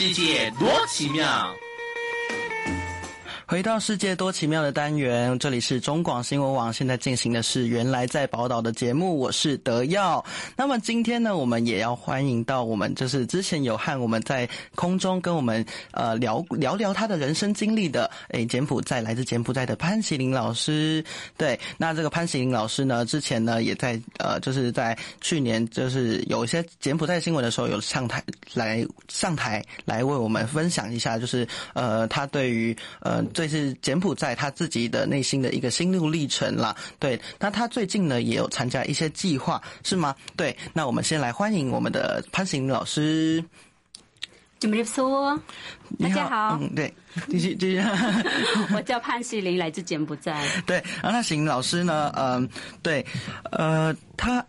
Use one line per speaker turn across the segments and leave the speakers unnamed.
世界多奇妙。回到世界多奇妙的單元，這裡是中廣新聞網，現在進行的是原來在寶島的節目，我是德耀。那麼今天呢，我們也要歡迎到我們就是之前有和我們在空中跟我們呃聊聊聊他的人生經歷的誒，柬埔寨來自柬埔寨的潘麒麟老師。對，那這個潘麒麟老師呢，之前呢也在呃就是在去年就是有一些柬埔寨新聞的時候有上台來上台來為我們分享一下，就是呃他對於呃。所以是柬埔寨他自己的內心的一個心路歷程啦。對，那他最近呢也有參加一些計劃是嗎？對，那我們先來歡迎我們的潘石林老師。
怎麼說，大家好，嗯，
對，繼續繼
續，我叫潘石林，來自柬埔寨。
對，啊，那石老師呢？嗯、呃，對，呃，他。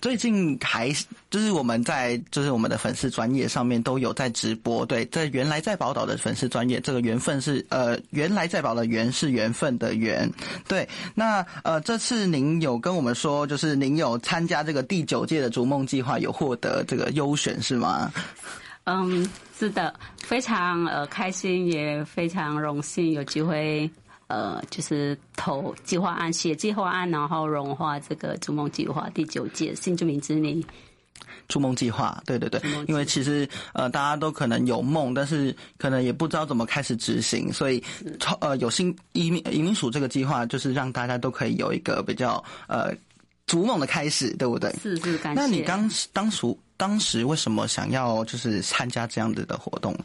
最近還是就是我們在就是我們的粉絲專業上面都有在直播對在緣來在寶島的粉絲專業這個緣分是呃緣來在寶的緣是緣分的緣對那呃這次您有跟我們說就是您有參加這個第九屆的築夢計畫有獲得這個優選是嗎？嗯，
是的，非常呃開心也非常榮幸有機會。呃，就是投計劃案、寫計劃案，然後融化這個“築夢計劃”第九屆新居民子女。
築夢計劃，對對對，因為其實呃，大家都可能有夢，但是可能也不知道怎麼開始執行，所以超呃，有新移民移民署這個計劃，就是讓大家都可以有一個比較呃逐夢的開始，對不對？是是
感謝，那你當
時當初當時為什麼想要就是參加這樣子的活動？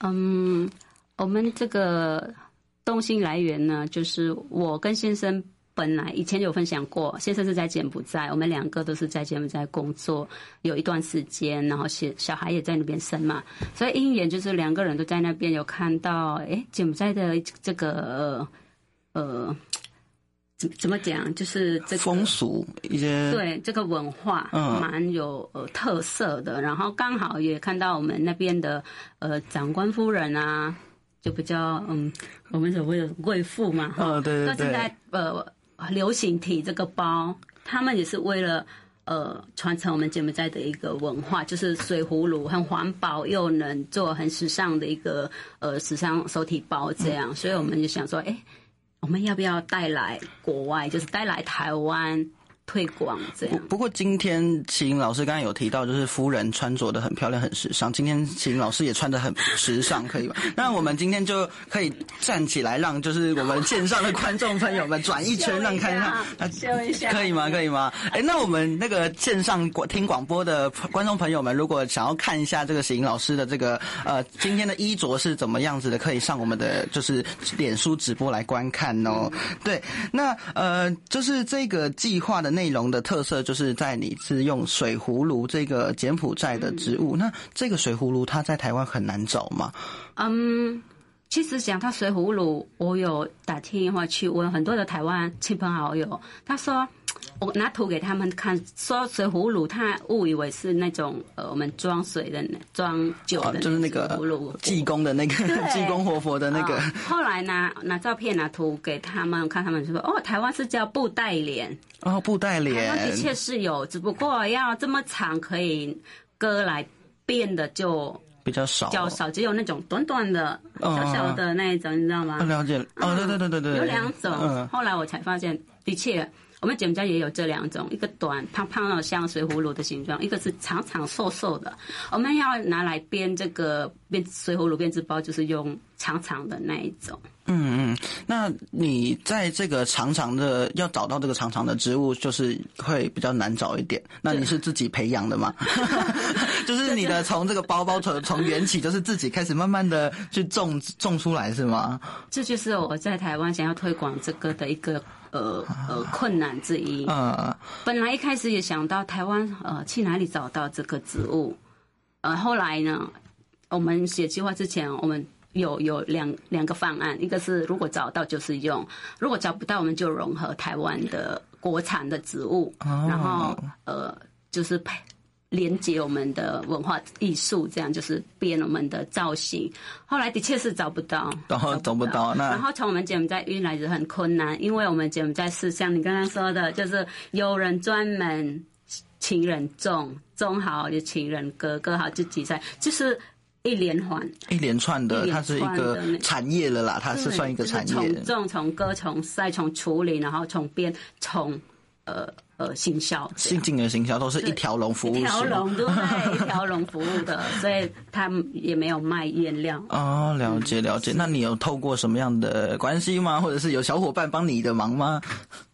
嗯，
我們這個。動心來源呢，就是我跟先生本來以前有分享過，先生是在柬埔寨，我們兩個都是在柬埔寨工作有一段時間，然後小小孩也在那邊生嘛，所以因緣，就是兩個人都在那邊，有看到哎柬埔寨的這個呃怎怎麼講，就是這個風俗一些對這個文化嗯蠻有呃特色的。哦，然後剛好也看到我們那邊的呃長官夫人啊。就比較嗯，我們所謂的貴婦嘛，哈、哦，對那現在呃，流行提這個包，他們也是為了呃，傳承我們柬埔寨的一個文化，就是水葫蘆很環保，又能做很時尚的一個呃時尚手提包這樣，所以我們就想說，誒、欸，我們要不要帶來國外，就是帶來台灣？推廣這
不不過今天秦老師剛剛有提到，就是夫人穿着的很漂亮，很時尚。今天秦老師也穿的很時尚，可以嗎？那我們今天就可以站起來，讓就是我們線上的觀眾朋友們轉一圈，哦、 一讓看一、啊、一下，可以嗎？可以嗎？哎，那我們那個線上聽廣播的觀眾朋友們，如果想要看一下這個秦老師的這個呃今天的衣着是怎麼樣子的，可以上我們的就是臉書直播來觀看哦。嗯、對，那呃就是這個計劃的。內容的特色就是在你是用水葫蘆這個柬埔寨的植物，嗯、那這個水葫蘆它在台灣很難找嗎？
嗯，其實講它水葫蘆，我有打電話去問很多的台灣親朋好友，他說。我拿圖給他們看，說水葫蘆，他誤以為是那種呃我們裝水的、裝酒的，啊、就是那個葫蘆
濟公的那個濟公活佛的那個。活活那個哦、
後來拿拿照片拿圖給他們看，他們說：“哦，台灣是叫布袋蓮。”
哦，布袋蓮，台灣的確是
有，只不過要這麼長可以割來編的就
比較少，較少，
只有那種短短的、哦、小小的那一種、哦，你知道嗎？哦、
了解、啊、哦，對對對對對，有兩種、哦。
後來我才發現，的確。我們柬埔寨也有這兩種，一個短胖胖的像水葫蘆的形狀，一個是長長瘦瘦的。我們要拿來編這個編水葫蘆編織包，就是用長長的那一種。
嗯嗯，那你在這個長長的要找到這個長長的植物，就是會比較難找一點。那你是自己培養的嗎？ 就是你的從這個包包從從源起，就是自己開始慢慢的去種種出來，是嗎？
這就是我在台灣想要推廣這個的一個呃呃困難之一。嗯、呃，本來一開始也想到台灣呃去哪裡找到這個植物，呃後來呢，我們寫計劃之前，我們有有兩兩個方案，一個是如果找到就是用，如果找不到我們就融合台灣的國產的植物，哦、然後呃就是配。連接我們的文化藝術，這樣就是編我們的造型。後來的確是找不到，然後找不到，找不到那。然後從我們柬埔寨運來就很困難，因為我們柬埔寨是像你剛剛說的，就是有人專門請人種種好就請人割割好就比賽，就是一連環一連，
一連串的，它是一個產業了啦，它是算一個產業。就是，從種
從割從賽從處理然後從編從。呃呃，
行、呃、銷，新進的行銷都是一條龍服務，一條龍
都一條龍服務的， 所以他也沒有賣原料
哦。了解了解，那你有透過什麼樣的關係嗎？或者是有小伙伴幫你的忙嗎？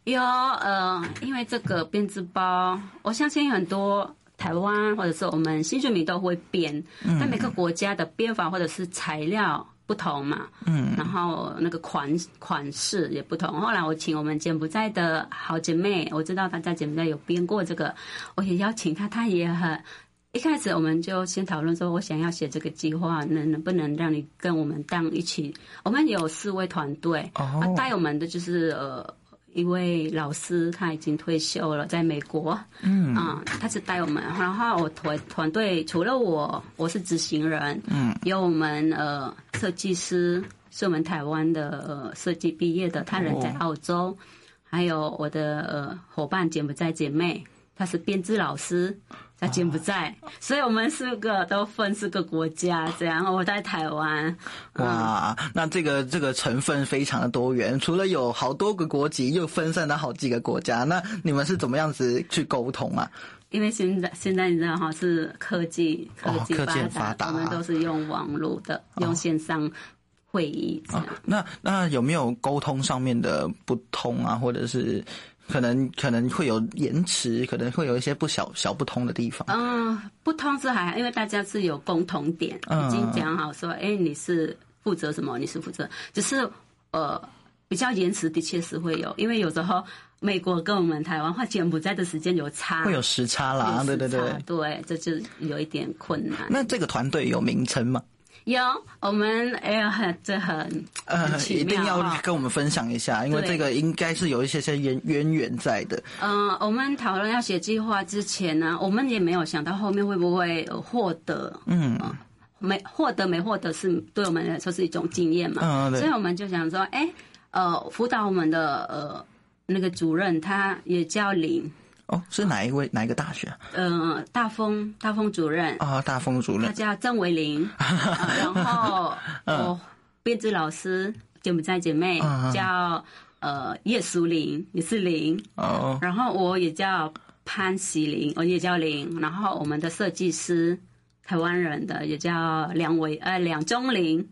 有呃，因為這個編織包，我相信很多台灣或者是我們新住民都會編、嗯，但每個國家的編法或者是材料。不同嘛，嗯，然後那個款款式也不同。後來我請我們柬埔寨的好姐妹，我知道她在柬埔寨有編過這個，我也邀請她，她也很。一開始我們就先討論說，我想要寫這個計劃，能能不能讓你跟我們當一起？我們有四位團隊，哦啊、她帶我們的就是呃。一位老師，他已經退休了，在美國。嗯，啊、呃，他是帶我們，然後我團團隊除了我，我是執行人。嗯，有我們呃設計師，是我們台灣的呃設計畢業的，他人在澳洲，哦、還有我的呃夥伴柬埔寨姐妹，他是編織老師，在柬埔寨、啊，所以我們四個都分四個國家，這樣。我在台灣、嗯，哇，
那這個這個成分非常的多元，除了有好多個國籍，又分散到好幾個國家，那你們是怎麼樣子去溝通啊？
因為現在現在你知道哈，是科技科技發達、哦，我們都是用網絡的，哦、用線上會議、哦、
那那有沒有溝通上面的不通啊，或者是？可能可能會有延遲，可能會有一些不小小不通的地方。
嗯，不通是還好，因為大家是有共同點，嗯、已經講好說，哎、欸，你是負責什麼，你是負責，只是呃比較延遲的確是會有，因為有時候美國跟我們台灣或柬埔寨的時間有差，會有時差啦，差對對對，對，這就有一點困難。那
這個團隊有名稱嗎？
有，我們哎呀，這很呃很奇妙、哦，一定要跟
我們分享一下，因為這個應該是有一些些淵淵源在的。
嗯、呃，我們討論要寫計劃之前呢、啊，我們也沒有想到後面會不會獲得，嗯，沒、呃、獲得沒獲得是對我們來說是一種經驗嘛，嗯、對所以我們就想說，哎，呃，輔導我們的呃那個主任，他也叫林。哦，是哪一位？哪一個大學、啊？嗯、呃，大風，大風主任。啊、哦，大風主任。他叫鄭維玲。 然後我、嗯哦、編織老師姐，柬埔寨姐妹叫、嗯、呃葉淑玲，也是玲。哦。然後我也叫潘喜玲，我也叫玲。然後我們的設計師，台灣人的也叫梁維。呃，梁宗玲。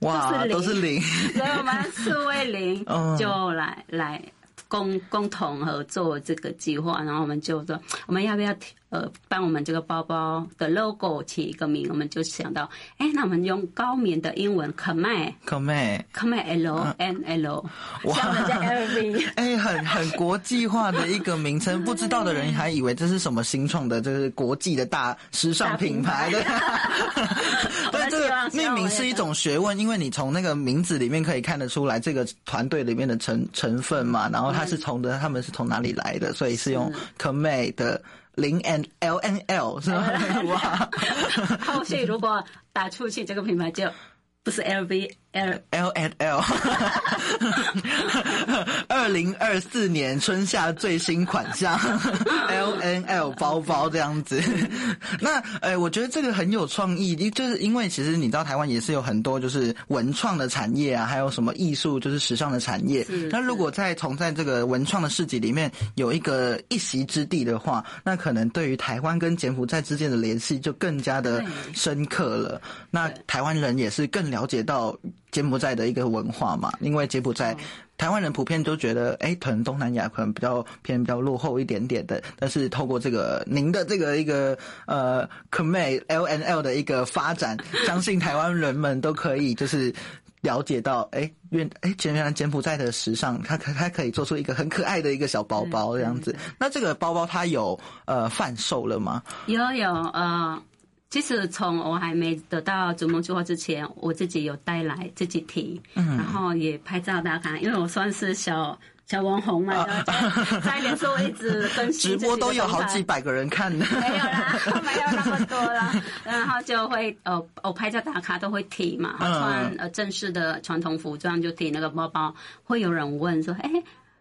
哇，都是玲。所以我們四位玲、哦、就來來，共共同合作這個計劃，然後我們就說，我們要不要呃，幫我們這個包包的 logo 起一個名？我們就想到，哎，那我們用高棉的英文“可妹”可妹可妹 L N L，哇，這 L V，哎，很
很國際化的一個名稱， 不知道的人還以為這是什麼新創的，這、就是國際的大時尚品牌。的。 對啊，這個命名是一種學問，因為你從那個名字裡面可以看得出來，這個團隊裡面的成成分嘛，然後它是從的，他們是從哪裡來的，所以是用 Khmer 的零 N L N L，
是吧？後續如果打出去，這個品牌就不是 L V。L
L N L，二零二四年春夏最新款項，L N L 包包這樣子、okay. 那。那、欸、哎，我覺得這個很有創意，就是因為其實你知道台灣也是有很多就是文創的產業啊，還有什麼藝術就是時尚的產業。是是那如果在從在這個文創的市集裡面有一個一席之地的話，那可能對於台灣跟柬埔寨之間的聯繫就更加的深刻了。哎、那台灣人也是更了解到。柬埔寨的一個文化嘛，因為柬埔寨，台灣人普遍都覺得，哎、欸，可能東南亞可能比較偏比較落後一點點的。但是透過這個您的這個一個呃，kame l n l 的一個發展，相信台灣人們都可以就是了解到，哎、欸，原哎，原、欸、來柬埔寨的時尚，它可它可以做出一個很可愛的一個小包包這樣子。對對對，那這個包包它有呃販售了嗎？
有有啊、哦。其實從我還沒得到築夢計畫之前，我自己有帶來自己提，然後也拍照打卡，因為我算是小小網紅嘛，差
一點說我一直分享直播都有好幾百個人看的，沒有
啦，沒有那麼多了，然後就會哦、呃，我拍照打卡都會提嘛，穿呃正式的傳統服裝就提那個包包，會有人問說，哎。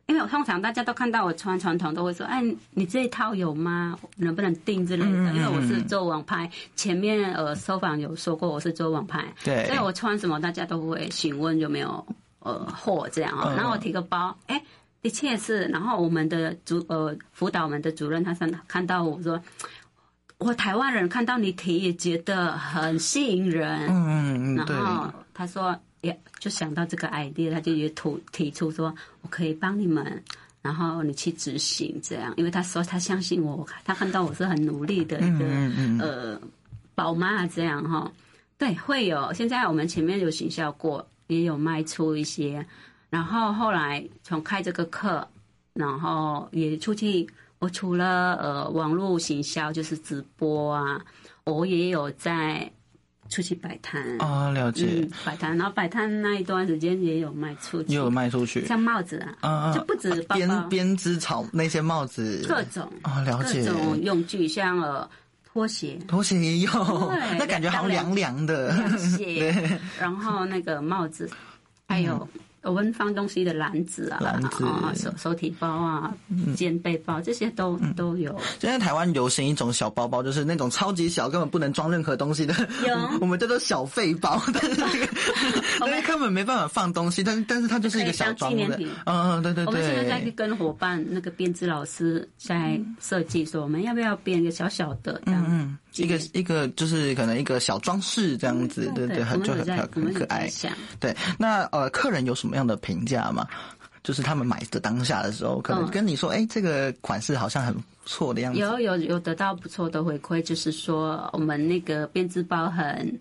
因為我通常大家都看到我穿傳統，都會說：“哎，你這一套有嗎？能不能定制之類的、嗯？”因為我是做網拍，前面呃，受訪有說過我是做網拍，對，所以我穿什麼大家都會詢問有沒有呃貨這樣啊。然後我提個包，哎、嗯，的確是。然後我們的主呃，輔導們的主任他看到我，說：“我台灣人看到你提，也覺得很吸引人。”嗯嗯，然後他說。Yeah, 就想到這個 idea，他就也提提出說，我可以幫你們，然後你去執行這樣，因為他說他相信我，他看到我是很努力的一個嗯嗯嗯呃寶媽這樣哈，對，會有。現在我們前面有行銷過，也有賣出一些，然後後來從開這個課，然後也出去，我除了呃網絡行銷就是直播啊，我也有在，出去擺攤啊、哦，了解、嗯。擺攤，然後擺攤那一段時間也有賣出去，也有賣出去，像帽子啊，呃、就不止棒棒編
編織草那些帽子，各種啊、哦、了解。各種
用具，像呃拖鞋，
拖鞋也有， 那感覺好涼涼的。鞋
然後那個帽子，還、哎、有。嗯我們放東西的籃子啊，籃子啊、哦，手手提包啊，肩背包、嗯、這些都、嗯、都有。
今天台灣流行一種小包包，就是那種超級小，根本不能裝任何東西的。有，嗯、我們叫做小廢包，但是這、那個 但根本沒辦法放東西，但是但是它就是一個小紀、okay, 念品。啊、嗯、啊，對對對。我們現在
在跟夥伴那個編織老師在設計，說、嗯、我們要不要編一個小小的這樣。嗯嗯
一個一個就是可能一個小裝飾這樣子對，對對，就很對對對就很漂很，很可愛。對，那呃，客人有什麼樣的評價嗎？就是他們買的當下的時候，可能跟你說，哎、嗯欸，這個款式好像很不錯的樣子。有
有有得到不錯的回饋，就是說我們那個編織包很，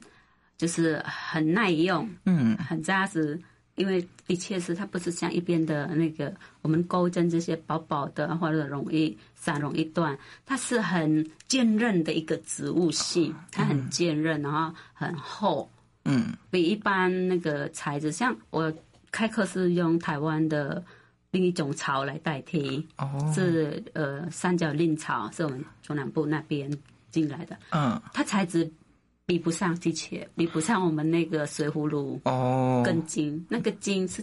就是很耐用，嗯，很扎實。因為的確是，它不是像一邊的那個我們鈎針這些薄薄的，或者容易散，容易斷。它是很堅韌的一個植物性，它很堅韌、嗯，然後很厚。嗯，比一般那個材質，像我開課是用台灣的另一種草來代替，哦、是呃三角藺草，是我們中南部那邊進來的。嗯，它材質。比不上機器，比不上我們那個水葫蘆哦，根莖。那個莖是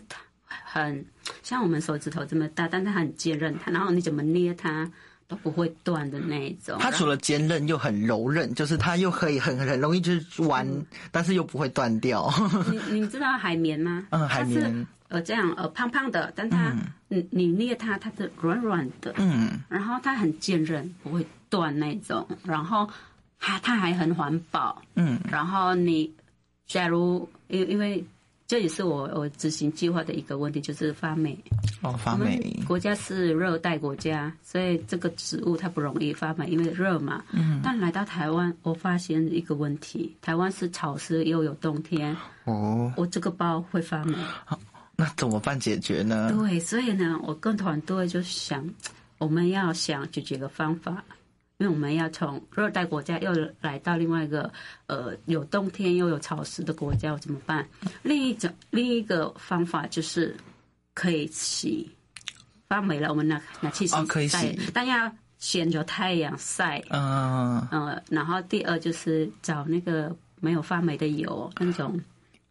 很像我們手指頭這麼大，但它很堅韌，它然後你怎麼捏它都不會斷的那一種。它除
了堅韌又很柔韌，就是它又可以很很容易就玩，彎、嗯，但是又不會斷掉。
你你知道海綿嗎？嗯，海綿。呃，這樣呃，胖胖的，但它你、嗯、你捏它，它是軟軟的，嗯，然後它很堅韌，不會斷那種，然後。它，它還很環保，嗯，然後你假如因為因為這也是我我執行計劃的一個問題，就是發霉哦，發霉。國家是熱帶國家，所以這個植物它不容易發霉，因為熱嘛。嗯。但來到台灣，我發現一個問題：台灣是潮濕又有冬天哦，我這個包會發霉。
哦，那怎麼辦解決呢？對，
所以呢，我跟團隊就想，我們要想解決的方法。因為我們要從熱帶國家又來到另外一個，呃，有冬天又有潮濕的國家怎麼辦？另一種另一個方法就是，可以洗，發霉了，我們拿拿去洗，哦，可以洗，但要先着太陽曬，嗯、呃呃，然後第二就是找那個沒有發霉的油那種，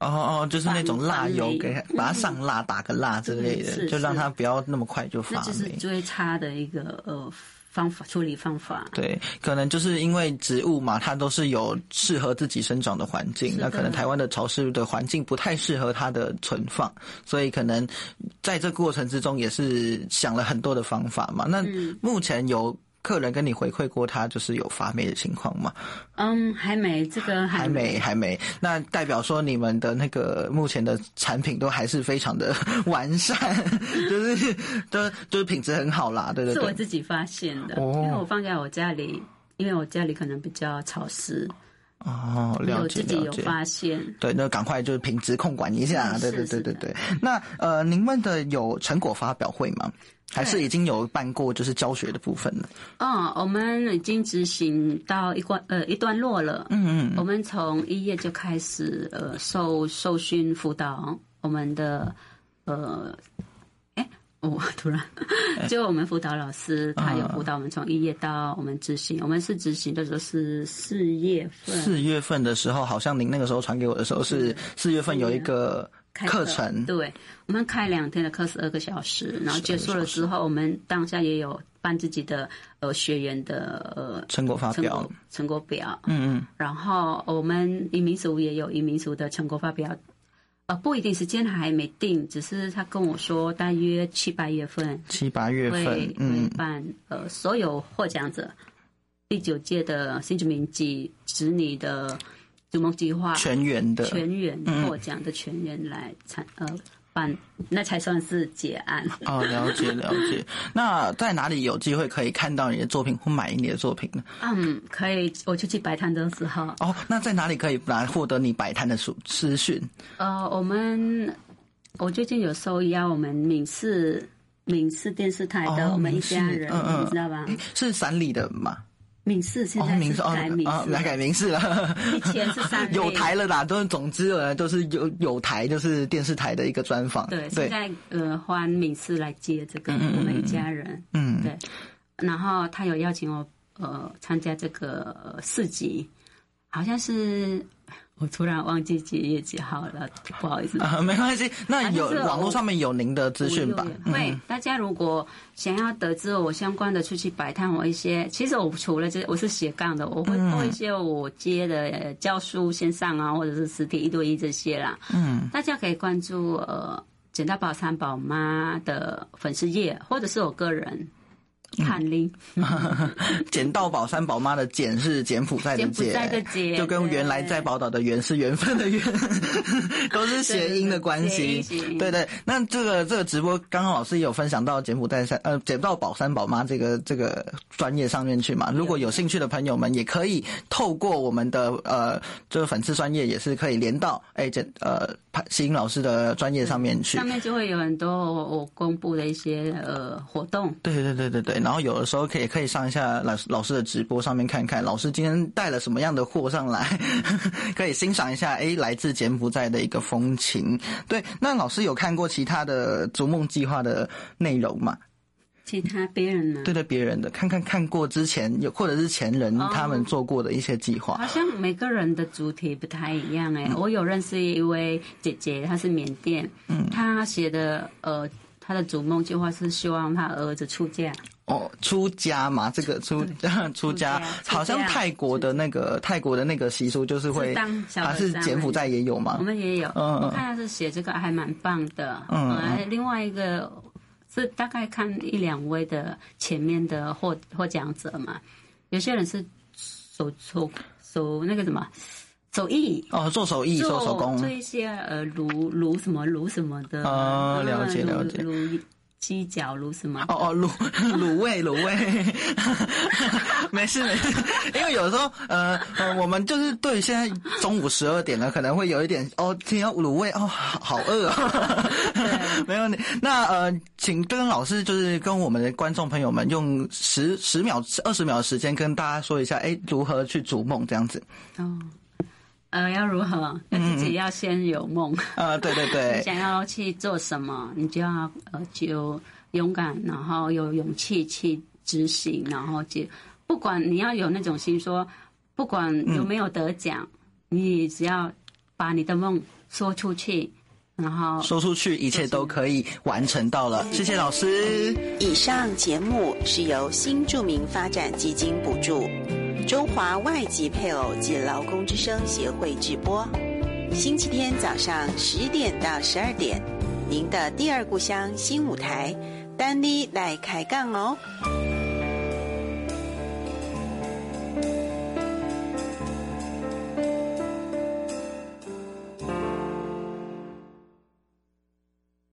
哦哦，就是那種蠟油給，給把它上蠟，打個蠟之類的，是是是就讓它不要那麼快就發霉，就是
最差的一個呃。方法
處理方法對，可能就是因為植物嘛，它都是有適合自己生長的環境，那可能台灣的潮濕的環境不太適合它的存放，所以可能在這個過程之中也是想了很多的方法嘛。那目前有。客人跟你回饋過，他就是有發霉的情況嗎？嗯，還沒，這個還沒還沒，還沒。那代表說你們的那個目前的產品都還是非常的完善， 就是都就是品質很好啦，對，對對。是我自
己發現的，因為我放在我家裡，因為我家裡可能比較潮濕。
哦，了解了有，有發現，對，那趕快就是品質控管一下，對對對對對。是是那呃，您問的有成果發表會嗎？還是已經有辦過就是教學的部分呢？
哦，我們已經執行到一關呃一段落了。嗯嗯，我們從一月就開始呃受受訓輔導我們的呃。哦，突然，就我們輔導老師，他有輔導我們從一月到我們執行、嗯，我們是執行的時候是四月份。四
月份的時候，好像您那個時候傳給我的時候是四月份有一個
課程。對，我們開兩天的課，十二個小時，然後結束了之後，我們當下也有辦自己的呃學員的呃成果發表、成果表。嗯嗯。然後我們移民署也有移民署的成果發表。呃，不一定時間還沒定，只是他跟我說大約七八月份。
七八月份，嗯，會
辦呃，所有獲獎者，第九屆的新住民及其子女的築夢計劃全員的全員獲獎的全員來參、嗯、呃。啊、那才算是結案。 哦，了解
了解。那在哪裡有機會可以看到你的作品或買你的作品呢？嗯，
可以，我就去擺攤的時候。
哦，那在哪裡可以來獲得你擺攤的數資訊？
呃，我們，我最近有受邀我們民視民視電視台的我們一家人，哦嗯嗯、你
知道吧、欸？是三立的嘛嗎？民視，現在台民視來、哦哦哦、改民視了，以前是三，有台了啦。都總之呃，都是有有台，就是電視台的一個專訪。對，
現在呃換民視來接這個我們一家人，嗯對。然後他有邀請我呃參加這個四集，好像是。我突然忘記幾月幾號了，不好意思。啊，沒關
係。那有網絡、啊、上面有您的資訊吧？對、嗯，
大家如果想要得知我相關的出去擺攤我一些，其實我除了這，我是斜槓的，我會做、嗯、一些我接的教書線上啊，或者是實體一對一這些啦。嗯，大家可以關注呃“柬埔寨三寶媽”的粉絲頁，或者是我個人。
坎、嗯、林，撿到寶三寶媽的，剪剪的剪“撿”是柬埔寨的“柬，就跟原來在寶島的“緣”是緣分的“緣”，
都是諧音的關係。對對，對，對對，
那這個這個直播剛剛老師有分享到柬埔寨三呃撿到寶三寶媽這個這個專頁上面去嘛？如果有興趣的朋友們，也可以透過我們的呃這個粉絲專頁，也是可以連到哎這呃潘新老師的專頁上面去、嗯。上
面就會有很多我公布的一些呃活動。
對對對對對。對對對然後有的時候可以可以上一下老老師的直播上面看看，老師今天帶了什麼樣的貨上來，呵呵可以欣賞一下。哎，來自柬埔寨的一個風情。對，那老師有看過其他的築夢計劃的內容嗎？
其他別人呢？對
對，別人的，看看看過之前有或者是前人他們做過的一些計劃。哦，好像
每個人的主題不太一樣哎，欸嗯。我有認識一位姐姐，她是緬甸，嗯，她寫的呃她的築夢計劃是希望她兒子出嫁。
哦，出家嘛，這個出出家，出、家出家，好像泰國的那個泰國的那個習俗就是會，還是,、啊、是柬埔寨也有嘛，我們
也有，嗯、我看他是寫這個還蠻棒的。嗯、呃，另外一個是大概看一兩位的前面的獲獲獎者嘛，有些人是手手手那個什麼手藝哦，做手藝做、做手工，做一些呃，爐爐什麼爐什麼的啊、嗯，了解了解。雞腳滷是嗎？哦哦，滷滷味滷味，oh, oh, 沒事沒事，因為有時
候呃呃，我們就是對於現在中午十二點了，可能會有一點哦，聽到滷味哦，好餓，哦， 沒問題。那呃，請跟老師就是跟我們的觀眾朋友們用十十秒，二十秒的時間跟大家說一下，哎，如何去築夢這樣子？哦。
呃，要如何？自己，嗯、要先有夢啊，呃，
對對對。想
要去做什麼，你就要呃，就勇敢，然後有勇氣去執行，然後就不管你要有那種心說，說不管有沒有得獎，嗯，你只要把你的夢說出去，然後說
出去，一切都可以完成到了。謝謝老師。
以上節目是由新住民發展基金補助。中華外籍配偶及勞工之聲協會直播，星期天早上十點到十二點，您的第二故鄉新舞台，丹妮來開槓哦。